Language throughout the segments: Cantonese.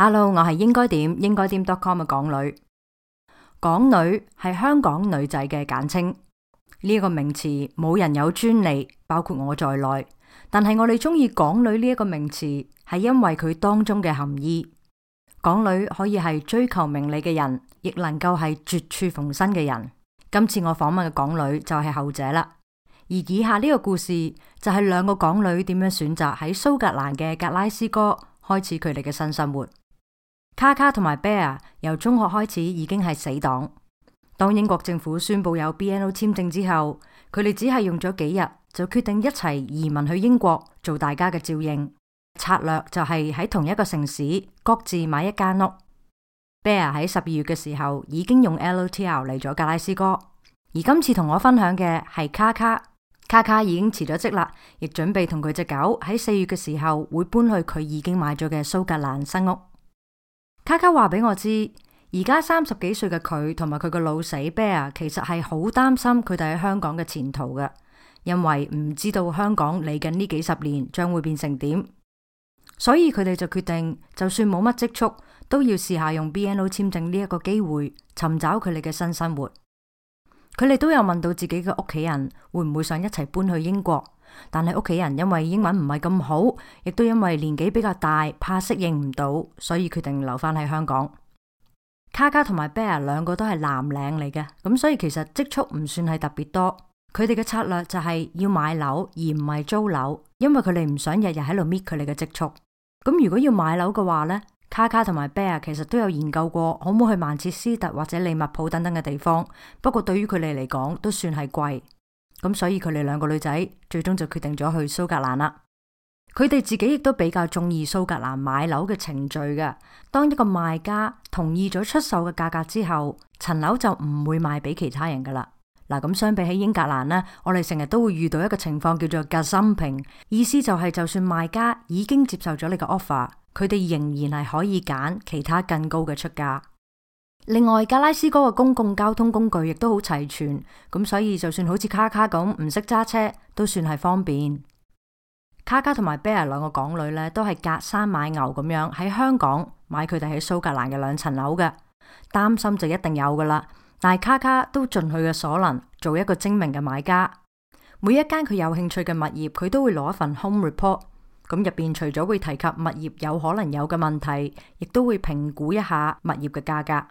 Hello，我係應該點應該點 .com 嘅港女，港女係香港女仔嘅簡稱。呢個名詞冇人有專利，包括我在內。但係我哋中意港女呢一個名詞，係因為佢當中嘅含義。港女可以係追求名利嘅人，亦能夠係絕處逢生嘅人。今次我訪問嘅港女就係後者啦。而以下呢個故事就係兩個港女點樣選擇喺蘇格蘭嘅格拉斯哥開始佢哋嘅新生活。卡卡同埋 Bear 由中學開始已經係死黨。當英國政府宣布有 BNO 簽證之後，佢哋只係用咗幾日就決定一齊移民去英國做大家嘅照應。策略就係喺同一個城市各自買一間屋。Bear 喺十二月嘅時候已經用 LOTR 嚟咗格拉斯哥，而今次同我分享嘅係卡卡。卡卡已經辭咗職啦，亦準備同佢隻狗喺四月嘅時候會搬去佢已經買咗嘅蘇格蘭新屋。卡卡話俾我知，而家三十幾歲嘅佢同埋佢個老死 bear，其實係好擔心佢哋喺香港嘅前途嘅，因為唔知道香港嚟緊呢幾十年將會變成點，所以佢哋就決定，就算冇乜積蓄，都要試下用 BNO 簽證呢一個機會，尋找佢哋嘅新生活。佢哋都有問到自己嘅屋企人，會唔會想一齊搬去英國？但係屋企人因為英文唔係咁好，亦都因為年紀比較大，怕適應唔到，所以決定留翻喺香港。卡卡同埋 Bear 兩個都係藍領嚟嘅，咁所以其實積蓄唔算係特別多。佢哋嘅策略就係要買樓而唔係租樓，因為佢哋唔想日日喺度搣佢哋嘅積蓄。咁如果要買樓嘅話咧，卡卡同埋 Bear 其實都有研究過可唔可以去曼徹斯特或者利物浦等等嘅地方，不過對於佢哋嚟講都算係貴。咁所以佢哋兩個女仔最終就決定咗去蘇格蘭啦。佢哋自己亦都比較中意蘇格蘭買樓嘅程序嘅。當一個賣家同意咗出售嘅價格之後，層樓就唔會賣俾其他人噶啦。嗱，咁相比起英格蘭呢，我哋成日都會遇到一個情況叫做 gazumping，意思就係就算賣家已經接受咗呢個 offer，佢哋仍然係可以揀其他更高嘅出價。另外，格拉斯哥嘅公共交通工具亦都好齊全，咁所以就算好似卡卡咁唔識揸車，都算係方便。卡卡同埋 Bear 兩個港女咧，都係隔山買牛咁樣喺香港買佢哋喺蘇格蘭嘅兩層樓嘅，擔心就一定有噶啦。但係卡卡都盡佢嘅所能，做一個精明嘅買家。每一間佢有興趣嘅物業，佢都會攞一份 home report，咁入邊除咗會提及物業有可能有嘅問題，亦都會評估一下物業嘅價格。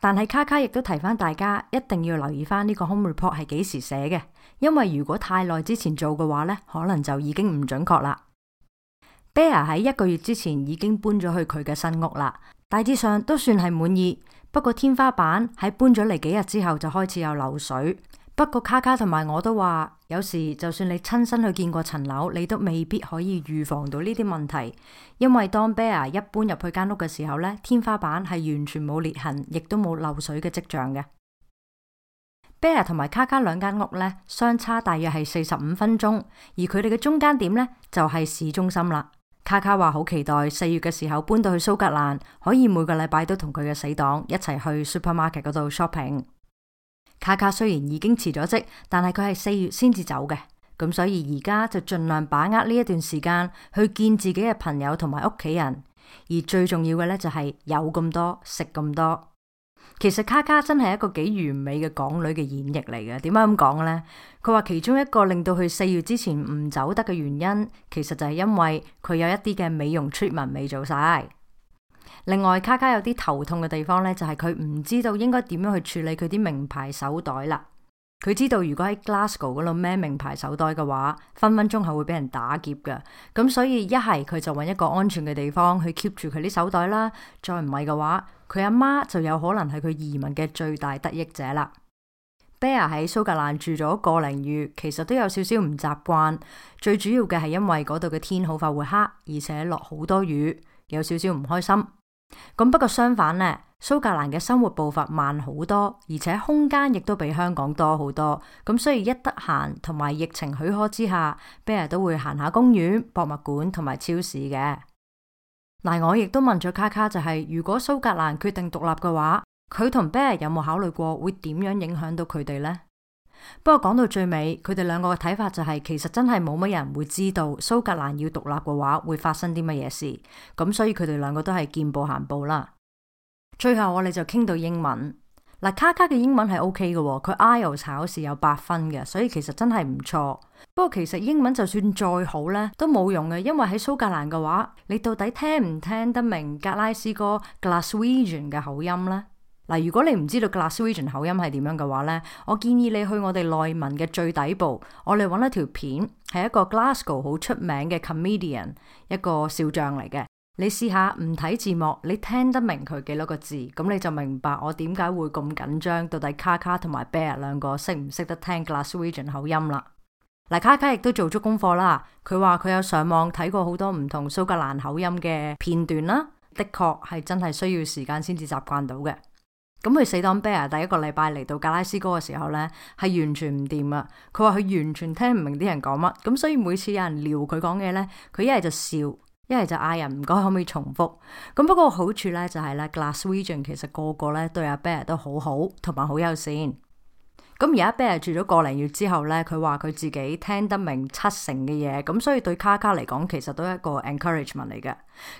但係卡卡亦都提翻大家，一定要留意翻呢個 home report 係幾時寫嘅，因為如果太耐之前做嘅話呢，可能就已經唔準確啦。Bear 喺一個月之前已經搬咗去佢嘅新屋啦，大致上都算係滿意，不過天花板喺搬咗嚟幾日之後就開始有漏水。不過卡卡同埋我都話，有時就算你親身去見過層樓，你都未必可以預防到呢啲問題，因為當 Bear 一搬入去間屋嘅時候咧，天花板係完全冇裂痕，亦都冇漏水嘅跡象嘅。嗯、Bear 同埋卡卡兩間屋咧，相差大約係四十五分鐘，而佢哋嘅中間點咧就係、是、市中心啦。卡卡話好期待四月嘅時候搬到去蘇格蘭，可以每個禮拜都同佢嘅死黨一齊去 supermarket 嗰度 shopping。卡卡雖然已經辭咗職，但係佢係四月先至走嘅，咁所以而家就盡量把握呢一段時間去見自己嘅朋友同埋屋企人，而最重要嘅咧就係有咁多食咁多。其實卡卡真係一個幾完美嘅港女嘅演繹嚟嘅，點解咁講咧？佢話其中一個令到佢四月之前唔走得嘅原因，其實就係因為佢有一啲嘅美容 treatment 未做晒。另外，卡卡有啲頭痛嘅地方咧，就係佢唔知道應該點樣去處理佢啲名牌手袋啦。佢知道如果喺 Glasgow 嗰度孭名牌手袋嘅話，分分鐘係會俾人打劫嘅。咁所以一係佢就搵一個安全嘅地方去 keep 住佢啲手袋啦。再唔係嘅話，佢阿媽就有可能係佢移民嘅最大得益者啦。Bear 喺蘇格蘭住咗個零月，其實都有少少唔習慣。最主要嘅係因為嗰度嘅天好快會黑，而且落好多雨，有少少唔開心。咁不過相反呢，蘇格蘭嘅生活步伐慢好多，而且空間亦都比香港多好多。咁所以一得閒同埋疫情許可之下，bear 都會行下公園、博物館同埋超市嘅。嗱，我亦都問咗卡卡、就是，就係如果蘇格蘭決定獨立嘅話，佢同 bear 有冇考慮過會點樣影響到佢哋呢？不過講到最尾，佢哋兩個嘅睇法就係、是，其實真係冇乜人會知道蘇格蘭要獨立嘅話會發生啲乜嘢事。咁所以佢哋兩個都係見步行步啦。最後我哋就傾到英文嗱，卡卡嘅英文係 OK 嘅，佢 IELTS 考試有八分嘅，所以其實真係唔錯。不過其實英文就算再好咧，都冇用嘅，因為喺蘇格蘭嘅話，你到底聽唔聽得明格拉斯哥 Glaswegian 嘅口音咧？嗱，如果你唔知道 Glaswegian 口音係點樣嘅話呢，我建議你去我哋內文嘅最底部，我哋揾一條片，係一個 Glasgow 好出名嘅 comedian，一個笑匠嚟嘅。你試下唔睇字幕，你聽得明佢幾多個字，咁你就明白我點解會咁緊張。到底卡卡同埋 bear 兩個識唔識得聽 Glaswegian 口音啦？嗱，卡卡亦都做足功課啦，佢話佢有上網睇過好多唔同蘇格蘭口音嘅片段啦。的確係真係需要時間先至習慣到嘅。咁佢死黨 Bear 第一個禮拜嚟到格拉斯哥嘅時候咧，係完全唔掂啊！佢話佢完全聽唔明啲人講乜，咁所以每次有人撩佢講嘢咧，佢一係就笑，一係就嗌人唔該可唔可以重複。咁不過好處咧就係咧 Glaswegian 其實個個咧對阿 Bear 都好好，同埋好友善。咁而家 bear 住咗個零月之後咧，佢話佢自己聽得明七成嘅嘢，咁所以對卡卡嚟講，其實都係一個 encouragement 嚟嘅。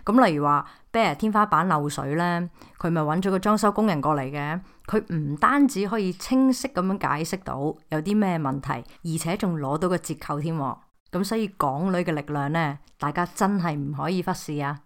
咁例如話 bear 天花板漏水咧，佢咪揾咗個裝修工人過嚟嘅，佢唔單止可以清晰咁樣解釋到有啲咩問題，而且仲攞到個折扣添。咁所以港女嘅力量咧，大家真係唔可以忽視啊！